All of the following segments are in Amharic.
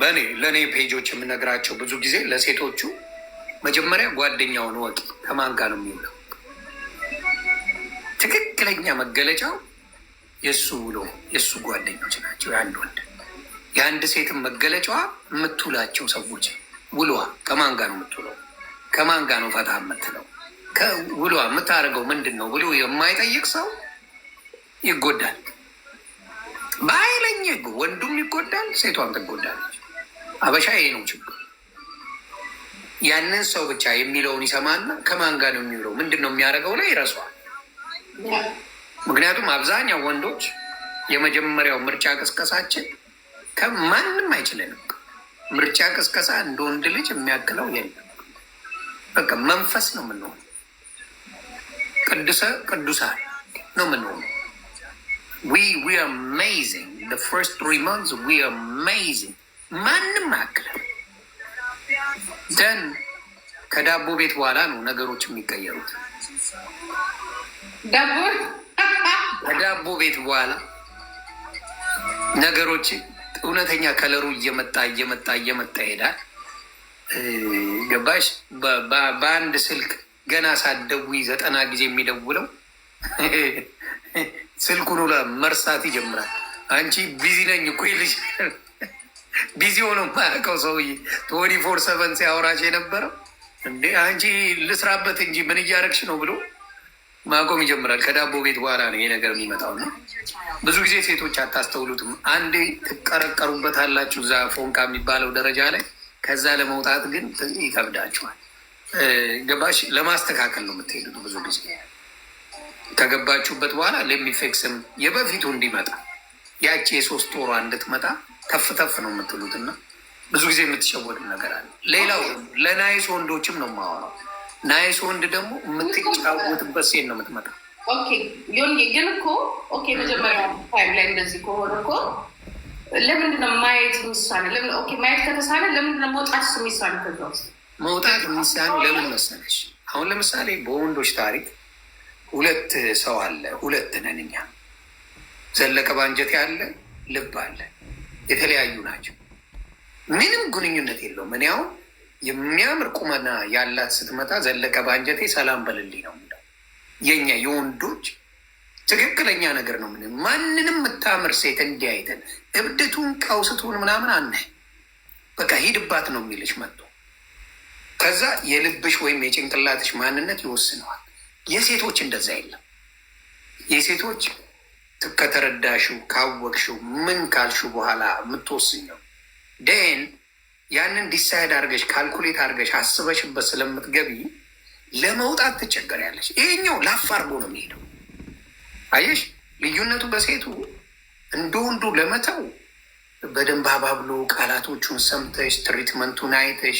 በእኔ ለእኔ ፔጆች የምነግራቸው ብዙ ጊዜ ለሴቶቹ መጀመሪያ ጓደኛውን ወቂ ከማን ጋር ነው የሚውለው። ትክክለኛ መገለጫው የእሱ ውሎ የእሱ ጓደኞች ናቸው። የአንድ ወንድ የአንድ ሴትን መገለጫዋ የምትውላቸው ሰዎች ውሏ ከማን ጋር ነው የምትውለው? ከማን ጋር ነው ፈታ የምትለው? ውሏ የምታደርገው ምንድን ነው ብሎ የማይጠይቅ ሰው ይጎዳል። በኃይለኛ ወንዱም ይጎዳል፣ ሴቷም ትጎዳለች። አበሻ ይሄ ነው ችግር። ያንን ሰው ብቻ የሚለውን ይሰማና ከማን ጋር ነው የሚውለው ምንድን ነው የሚያደርገው ላይ ይረሷል። ምክንያቱም አብዛኛው ወንዶች የመጀመሪያው ምርጫ ቅስቀሳችን ከማንም አይችልንም። ምርጫ ቅስቀሳ እንደ ወንድ ልጅ የሚያክለው የለም። በቃ መንፈስ ነው የምንሆነው፣ ቅዱሰ ቅዱሳን ነው የምንሆነው። we we are amazing the first three months we are amazing ማንም ደን ከዳቦ ቤት በኋላ ነው ነገሮች የሚቀየሩት። ዳቦ ከዳቦ ቤት በኋላ ነገሮች እውነተኛ ከለሩ እየመጣ እየመጣ እየመጣ ይሄዳል። ገባሽ? በአንድ ስልክ ገና ሳትደውይ ዘጠና ጊዜ የሚደውለው ስልኩን ሁላ መርሳት ይጀምራል። አንቺ ቢዚ ነኝ እኮ ልጅ ቢዚ ሆኖ ማያውቀው ሰውዬ ትወኒ ፎር ሰቨን ሲያወራሽ የነበረው እንዴ አንቺ ልስራበት እንጂ ምን እያረግሽ ነው ብሎ ማቆም ይጀምራል። ከዳቦ ቤት በኋላ ነው ይሄ ነገር የሚመጣው። ነው ብዙ ጊዜ ሴቶች አታስተውሉትም። አንዴ ትቀረቀሩበት አላችሁ እዛ ፎንቃ የሚባለው ደረጃ ላይ። ከዛ ለመውጣት ግን ይከብዳችኋል። ገባሽ? ለማስተካከል ነው የምትሄዱት ብዙ ጊዜ ከገባችሁበት በኋላ ለሚፌክስም የበፊቱ እንዲመጣ ያቺ የሶስት ወሯ እንድትመጣ ተፍ ተፍ ነው የምትሉትና ብዙ ጊዜ የምትሸወድ ነገር አለ። ሌላው ለናይስ ወንዶችም ነው የማወራው። ናይስ ወንድ ደግሞ የምትጫወትበት ሴት ነው የምትመጣ። ግን እኮ ኦኬ መጀመሪያ ታይም ላይ እንደዚህ ከሆነ እኮ ለምንድነው ማየት የሚሳነ? ማየት ከተሳነ ለምንድነው መውጣት የሚሳነ? ከዛ ውስጥ መውጣት የሚሳነ ለምን መሰለሽ? አሁን ለምሳሌ በወንዶች ታሪክ ሁለት ሰው አለ። ሁለት ነን እኛ። ዘለቀ ባንጀቴ አለ፣ ልብ አለ። የተለያዩ ናቸው። ምንም ግንኙነት የለውም። እኔ አሁን የሚያምር ቁመና ያላት ስትመጣ ዘለቀ ባንጀቴ ሰላም በልልኝ ነው የሚለው። የኛ የወንዶች ትክክለኛ ነገር ነው። ምን ማንንም የምታምር ሴት እንዲያይተን እብድቱን ቀውስቱን ምናምን አነ በቃ ሂድባት ነው የሚልሽ መጥቶ ከዛ የልብሽ ወይም የጭንቅላትሽ ማንነት ይወስነዋል። የሴቶች እንደዛ የለም። የሴቶች ከተረዳሽው ካወቅሽው ምን ካልሽው በኋላ የምትወስኘው ደን ያንን ዲሳይድ አድርገሽ ካልኩሌት አድርገሽ አስበሽበት ስለምትገቢ ለመውጣት ትቸገሪያለሽ። ይሄኛው ላፍ አድርጎ ነው የሚሄደው። አየሽ ልዩነቱ በሴቱ እንደ ወንዱ ለመተው በደንብ አባብሎ ቃላቶቹን ሰምተሽ ትሪትመንቱን አይተሽ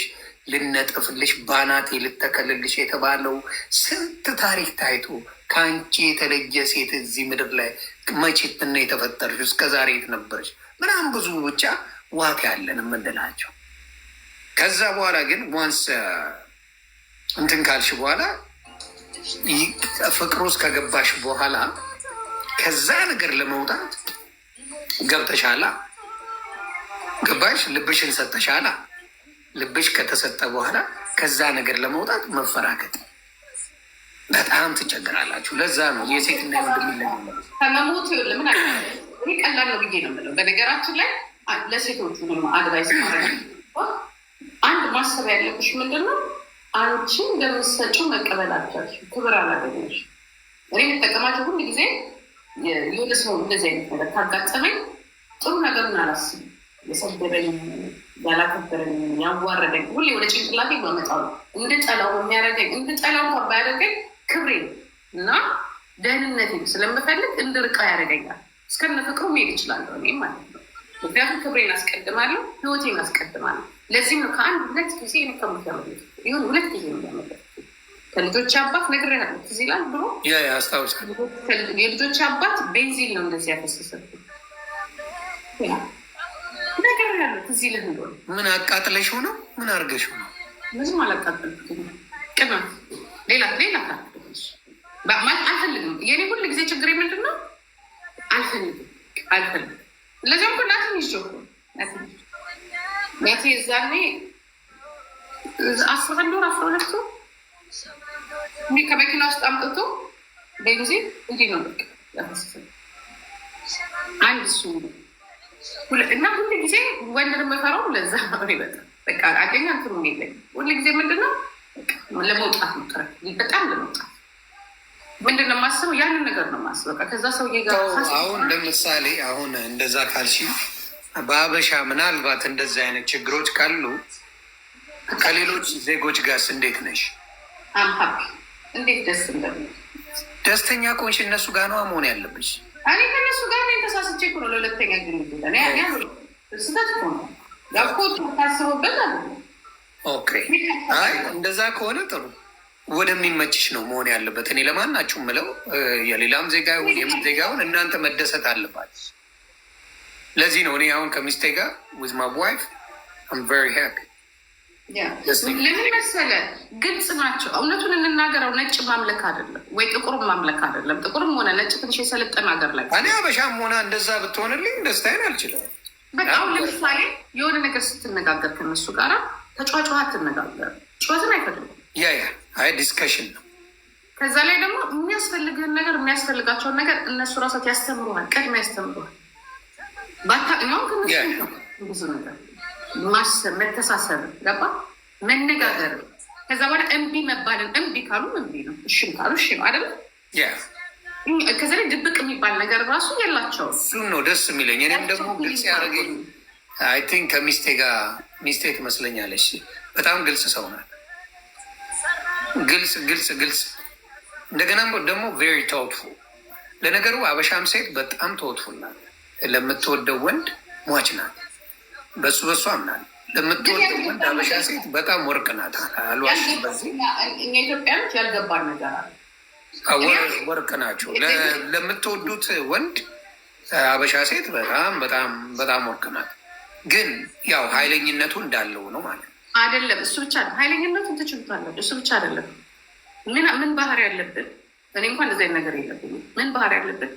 ልነጥፍልሽ ባናቴ ልተከልልሽ የተባለው ስንት ታሪክ ታይቶ ከአንቺ የተለየ ሴት እዚህ ምድር ላይ መቼት ትና የተፈጠርሽ እስከ ዛሬ የት ነበረች? ምናም ብዙ ብቻ ዋክ ያለን የምንላቸው። ከዛ በኋላ ግን ዋንስ uh, እንትን ካልሽ በኋላ ፍቅሩ ውስጥ ከገባሽ በኋላ ከዛ ነገር ለመውጣት ገብተሻላ፣ ገባሽ፣ ልብሽን ሰጠሻላ። ልብሽ ከተሰጠ በኋላ ከዛ ነገር ለመውጣት መፈራገጥ በጣም ትቸገራላችሁ። ለዛ ነው የሴትና ወንድሚለ ከመሞት ለምን ቀላል ነው ብዬ ነው የምለው። በነገራችን ላይ ለሴቶቹ አድቫይስ አንድ ማሰብ ያለብሽ ምንድን ነው፣ አንቺ እንደምትሰጪው መቀበላቸው ክብር አላገኘሽም። እኔ የምጠቀማቸው ሁሉ ጊዜ የሆነ ሰው እንደዚህ አይነት ነገር ካጋጠመኝ ጥሩ ነገሩን አላስብም የሰደበኝ ያላከበረኝ ያዋረደኝ ሁሌ ወደ ጭንቅላት በመጣው እንድጠላው የሚያደርገኝ እንድጠላው ከባ ያደርገኝ ክብሬ እና ደህንነቴ ስለምፈልግ እንድርቃ ያደርገኛል። እስከነ ፍቅሩ መሄድ እችላለሁ እኔ ማለት ነው። ምክንያቱም ክብሬን አስቀድማለሁ፣ ህይወቴን አስቀድማለሁ። ለዚህም ነው ከአንድ ሁለት ጊዜ የነከሙት ያመለጥ ይሁን ሁለት ጊዜ ነው ያመለጥ ከልጆች አባት ነገር ያለ ጊዜ ላል ብሎ የልጆች አባት ቤንዚን ነው እንደዚህ ያፈሰሰብኝ ነገር ያለው እዚህ ልህ ምን አቃጥለሽ ሆነ ምን አርገሽ ሆነ ምንም አላቃጥልም። ሌላ ሌላ አልፈልግም። የኔ ጊዜ ችግር ምንድን ነው? አልፈልግም፣ አልፈልግም። ለዚም እኮ ናትን አንድ ወር አስራ ከመኪና ውስጥ አምጥቶ በጊዜ እንዲህ ነው በቃ አንድ እሱ ነው እና ሁሉ ጊዜ ወንድን የምፈራው ለዛ ነው። ይበጣ በቃ አገኛ ትሩ የለኝ ሁሉ ጊዜ ምንድነው ነው ለመውጣት ጥረት በጣም ለመውጣት ምንድነው የማስበው፣ ያንን ነገር ነው የማስበው። በቃ ከዛ ሰውዬ ጋር አሁን ለምሳሌ አሁን እንደዛ ካልሽ በሀበሻ ምናልባት እንደዚህ አይነት ችግሮች ካሉ ከሌሎች ዜጎች ጋርስ እንዴት ነሽ? እንዴት ደስ ደስተኛ ቆንሽ እነሱ ጋር ነዋ መሆን ያለብሽ። እኔ ከነሱ ጋር እኔ ተሳስቼ እኮ ነው ለሁለተኛ ግንኙነት ስህተት እኮ ነው ዳኮ ታስቦበት አለ። ኦኬ አይ እንደዛ ከሆነ ጥሩ ወደሚመችሽ ነው መሆን ያለበት። እኔ ለማናችሁ ምለው የሌላም ዜጋ ይሁን የምን ዜጋ ይሁን እናንተ መደሰት አለባችሁ። ለዚህ ነው እኔ አሁን ከሚስቴ ጋር ዊዝ ማይ ዋይፍ አም ቨሪ ሃፒ ለምን መሰለ ግልጽ ናቸው። እውነቱን እንናገረው፣ ነጭ ማምለክ አይደለም ወይ ጥቁር ማምለክ አይደለም። ጥቁርም ሆነ ነጭ ትንሽ የሰለጠነ ሀገር ላይ እኔ አበሻም ሆነ እንደዛ ብትሆንልኝ ደስታዬን አልችልም። አሁን ለምሳሌ የሆነ ነገር ስትነጋገር ከነሱ ጋር ተጫጫዋ ትነጋገር፣ ጨዋትን አይፈቅድም። ያ ያ አይ ዲስከሽን ነው። ከዛ ላይ ደግሞ የሚያስፈልግህን ነገር የሚያስፈልጋቸውን ነገር እነሱ ራሳት ያስተምሩሃል፣ ቀድሜ ያስተምሩሃል። ባታቅኛውም ከነሱ ብዙ ነገር ማሰብ፣ መተሳሰብ ገባ መነጋገር፣ ከዛ በኋላ እምቢ መባልን። እምቢ ካሉ እምቢ ነው፣ እሽም ካሉ እሺ ነው አይደለ? ከዚ ላይ ድብቅ የሚባል ነገር ራሱ የላቸው። እሱም ነው ደስ የሚለኝ። እኔም ደግሞ ግልጽ ያደረገኝ አይ ቲንክ ከሚስቴ ጋር ሚስቴ ትመስለኛለች። በጣም ግልጽ ሰው ናት። ግልጽ ግልጽ ግልጽ እንደገና ደግሞ ቬሪ ቶትፉ። ለነገሩ አበሻም ሴት በጣም ተወትፉል ለምትወደው ወንድ ሟች ናት። በሱ በሱ አምናል። ለምትወድ ወንድ አበሻ ሴት በጣም ወርቅ ናት። አልዋሽ ኢትዮጵያኖች ያልገባን ነገር ወርቅ ናቸው። ለምትወዱት ወንድ አበሻ ሴት በጣም በጣም በጣም ወርቅ ናት። ግን ያው ኃይለኝነቱ እንዳለው ነው ማለት ነው። አይደለም እሱ ብቻ ነው ኃይለኝነቱን እሱ ብቻ አይደለም። ምን ምን ባህሪ ያለብን እኔ እንኳን እዚህ ነገር የለብኝም። ምን ባህሪ ያለብን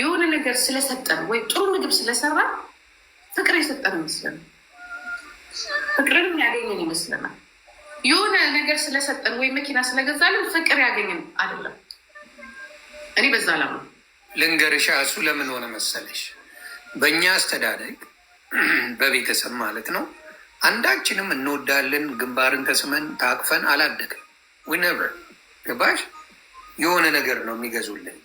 የሆነ ነገር ስለሰጠን ወይ ጥሩ ምግብ ስለሰራ ፍቅር የሰጠን ይመስለናል። ፍቅርን ያገኘን ይመስለናል። የሆነ ነገር ስለሰጠን ወይ መኪና ስለገዛልን ፍቅር ያገኘን አይደለም። እኔ በዛ ላ ልንገርሻ፣ እሱ ለምን ሆነ መሰለሽ፣ በእኛ አስተዳደግ በቤተሰብ ማለት ነው አንዳችንም እንወዳለን ግንባርን ተስመን ታቅፈን አላደግም። ዊነቨር የሆነ ነገር ነው የሚገዙልን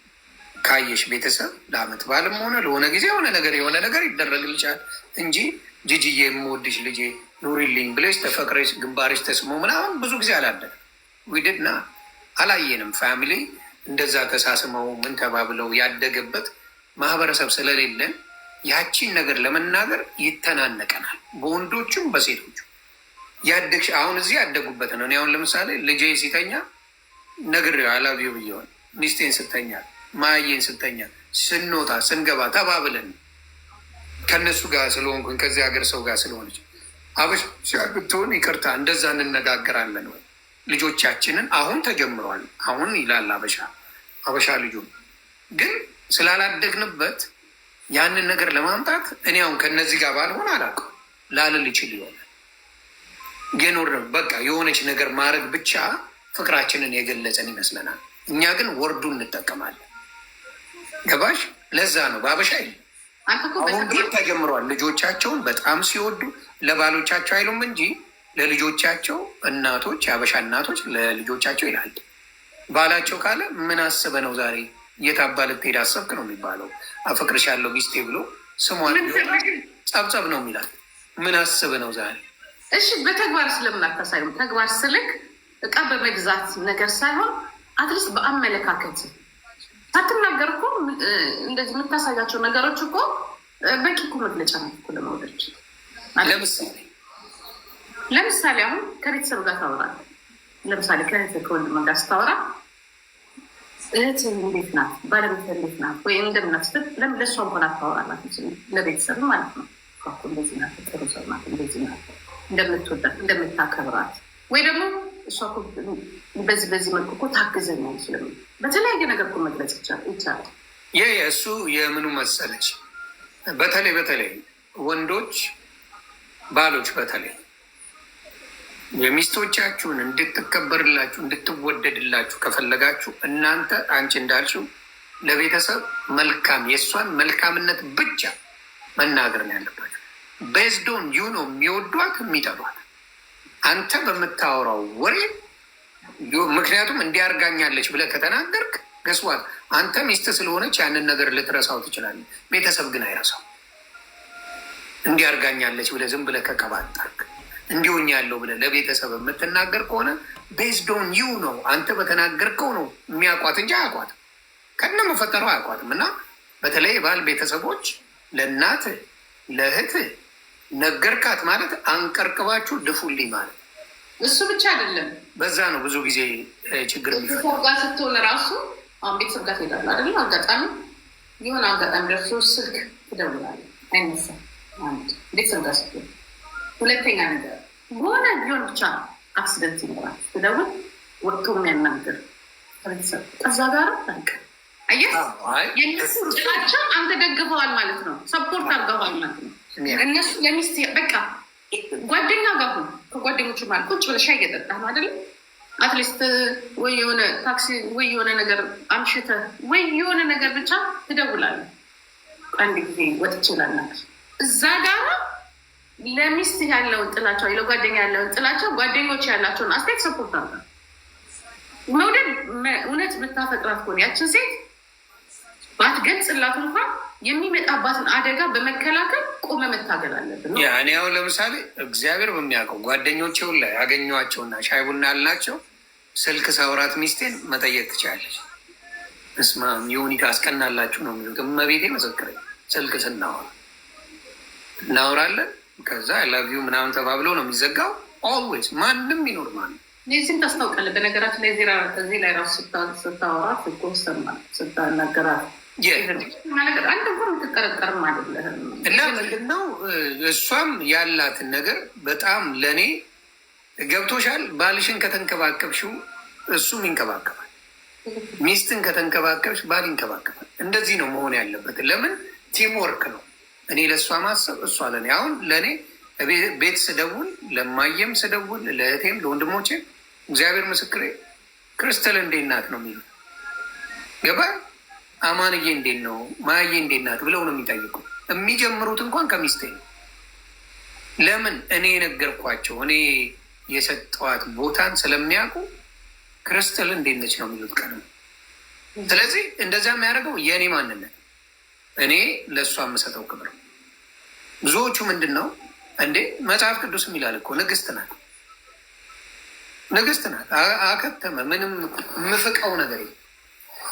ካየሽ ቤተሰብ ለአመት በዓልም ሆነ ለሆነ ጊዜ የሆነ ነገር የሆነ ነገር ይደረግልሻል እንጂ ጅጅዬ የምወድሽ ልጄ ኑሪልኝ ብለሽ ተፈቅረሽ ግንባርሽ ተስሞ ምናምን ብዙ ጊዜ አላደለም። ዊድና አላየንም። ፋሚሊ እንደዛ ተሳስመው ምን ተባብለው ያደገበት ማህበረሰብ ስለሌለን ያቺን ነገር ለመናገር ይተናነቀናል፣ በወንዶቹም በሴቶቹ ያደግሽ አሁን እዚህ ያደጉበት ነው። እኔ አሁን ለምሳሌ ልጄ ሲተኛ ነግሬው አላቢው ብየሆን ሚስቴን ስተኛል ማየን ስተኛ ስንወጣ ስንገባ ተባብለን ከነሱ ጋር ስለሆንኩኝ ከዚህ ሀገር ሰው ጋር ስለሆነች አበሻ ብትሆን ይቅርታ፣ እንደዛ እንነጋገራለን ወይ ልጆቻችንን አሁን ተጀምሯል። አሁን ይላል አበሻ አበሻ ልጁ ግን ስላላደግንበት ያንን ነገር ለማምጣት እኔ አሁን ከነዚህ ጋር ባልሆን አላውቅም ላልል ይችል ይሆናል። የኖር በቃ የሆነች ነገር ማድረግ ብቻ ፍቅራችንን የገለጸን ይመስለናል። እኛ ግን ወርዱ እንጠቀማለን። ገባሽ? ለዛ ነው በአበሻ አሁን ግን ተጀምሯል። ልጆቻቸውን በጣም ሲወዱ ለባሎቻቸው አይሉም እንጂ ለልጆቻቸው እናቶች፣ የአበሻ እናቶች ለልጆቻቸው ይላል። ባላቸው ካለ ምን አስበ ነው ዛሬ የታባ ልትሄድ አሰብክ ነው የሚባለው። አፈቅርሻለሁ ሚስቴ ብሎ ስሟን ጸብጸብ ነው የሚላል። ምን አስብ ነው ዛሬ? እሺ በተግባር ስለምን ተግባር ስልክ እቃ በመግዛት ነገር ሳይሆን አትሊስት በአመለካከት ሳትናገር እኮ እንደዚህ የምታሳያቸው ነገሮች እኮ በቂ እኮ መግለጫ ነው እኮ ለመውደድ። ለምሳሌ ለምሳሌ አሁን ከቤተሰብ ጋር ታወራለህ። ለምሳሌ ከእህት ከወንድም ጋር ስታወራ እህት እንዴት ናት፣ ባለቤት እንዴት ናት ወይ እንደምናት ስትል ለእሷ እንኳን አታወራላት፣ ለቤተሰብ ማለት ነው። እንደዚህ ናት፣ ጥሩ ሰው ናት፣ እንደዚህ ናት፣ እንደምትወዳት እንደምታከብራት፣ ወይ ደግሞ እሷ በዚህ በዚህ መልኩ እኮ ታግዘኛል ስለሚ በተለያየ ነገር እኮ መግለጽ ይቻላል። ይህ እሱ የምኑ መሰለች በተለይ በተለይ ወንዶች ባሎች በተለይ የሚስቶቻችሁን እንድትከበርላችሁ እንድትወደድላችሁ ከፈለጋችሁ እናንተ አንቺ እንዳልሽው ለቤተሰብ መልካም የእሷን መልካምነት ብቻ መናገር ነው ያለባቸው። ቤዝዶን ዩኖ የሚወዷት የሚጠሏት። አንተ በምታወራው ወሬ ምክንያቱም እንዲያርጋኛለች ብለህ ከተናገርክ ገስዋት አንተ ሚስት ስለሆነች ያንን ነገር ልትረሳው ትችላለህ። ቤተሰብ ግን አይረሳው። እንዲያርጋኛለች ብለህ ዝም ብለህ ከቀባጠርክ እንዲሆኝ ያለው ብለህ ለቤተሰብ የምትናገር ከሆነ ቤዝዶን ዩ ነው አንተ በተናገርከው ነው የሚያውቋት እንጂ አያውቋት ከነ መፈጠረው አያውቋትም። እና በተለይ የባል ቤተሰቦች ለእናት ለእህት ነገርካት ማለት አንቀርቅባችሁ ድፉልኝ ማለት እሱ ብቻ አይደለም። በዛ ነው ብዙ ጊዜ ችግር ቤተሰብ ጋር ስትሆን ራሱ አሁን ቤተሰብ ጋር ትሄዳለህ አይደለም። አጋጣሚ የሆነ አጋጣሚ ደርሶ ስልክ ትደውላለህ፣ አይነሳም። አንድ ቤተሰብ ጋር ስትሆን፣ ሁለተኛ ነገር በሆነ ቢሆን ብቻ አክሲደንት ይኖራል። ትደውል ወጥቶ የሚያናግር ከቤተሰብ ከዛ ጋር በቃ አየህ፣ የእነሱ ጭናቸው አንተ ደግፈዋል ማለት ነው፣ ሰፖርት አርገዋል ማለት ነው። እነሱ ለሚስት በቃ ጓደኛ ጋር ሁን ከጓደኞቹ ማለት ቁጭ ብለሽ ሻይ እየጠጣህ ነው አይደለም? አትሊስት ወይ የሆነ ታክሲ ወይ የሆነ ነገር አምሽተህ ወይ የሆነ ነገር ብቻ ትደውላለህ። አንድ ጊዜ ወጥቼ ላናት እዛ ጋራ ለሚስት ያለውን ጥላቸው ለጓደኛ ያለውን ጥላቸው ጓደኞች ያላቸውን አስተያየት ሰፖርት አለ መውደድ እውነት ብታፈቅራት ከሆነ ያችን ሴት ባትገልጽላት እንኳን የሚመጣባትን አደጋ በመከላከል ቆመ መታገል አለብን። እኔ አሁን ለምሳሌ እግዚአብሔር በሚያውቀው ጓደኞቼ ላይ ያገኘኋቸውና ሻይ ቡና ያልናቸው ስልክ ሰውራት ሚስቴን መጠየቅ ትችላለች። እስማ የሁኒታ አስቀናላችሁ ነው የሚሉት። እመቤቴ መሰክረኝ ስልክ ስናወራ እናወራለን። ከዛ ላቪዩ ምናምን ተባብሎ ነው የሚዘጋው። ኦልዌይስ ማንም ይኖር ማለት ዚህም ታስታውቃለህ። በነገራችን ላይ እዚህ ላይ ራሱ ስታወራ ስጎ ሰማ ስታናገራት እና ምንድነው እሷም ያላትን ነገር በጣም ለእኔ ገብቶሻል። ባልሽን ከተንከባከብሽው እሱም ይንከባከባል። ሚስትን ከተንከባከብሽ ባል ይንከባከባል። እንደዚህ ነው መሆን ያለበት። ለምን ቲም ወርክ ነው። እኔ ለእሷ ማሰብ እሷ ለእኔ አሁን ለእኔ ቤት ስደውል ለማየም ስደውል ለእህቴም ለወንድሞቼም እግዚአብሔር ምስክሬ ክርስተል እንዴ ነው የሚሉ ገባ አማንዬ እንዴት ነው ማዬ እንዴት ናት ብለው ነው የሚጠይቁ። የሚጀምሩት እንኳን ከሚስቴ ነው። ለምን እኔ የነገርኳቸው እኔ የሰጠዋት ቦታን ስለሚያውቁ ክርስትል እንዴት ነች ነው የሚሉት ቀን። ስለዚህ እንደዚያ የሚያደርገው የእኔ ማንነት እኔ ለእሷ የምሰጠው ክብር ብዙዎቹ ምንድን ነው እንዴ መጽሐፍ ቅዱስ የሚላል እኮ ንግስት ናት ንግስት ናት አከተመ ምንም የምፍቀው ነገር የለም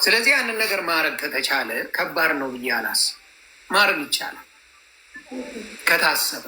ስለዚህ ያንን ነገር ማድረግ ከተቻለ ከባድ ነው ብዬ አላስብ። ማድረግ ይቻላል ከታሰበ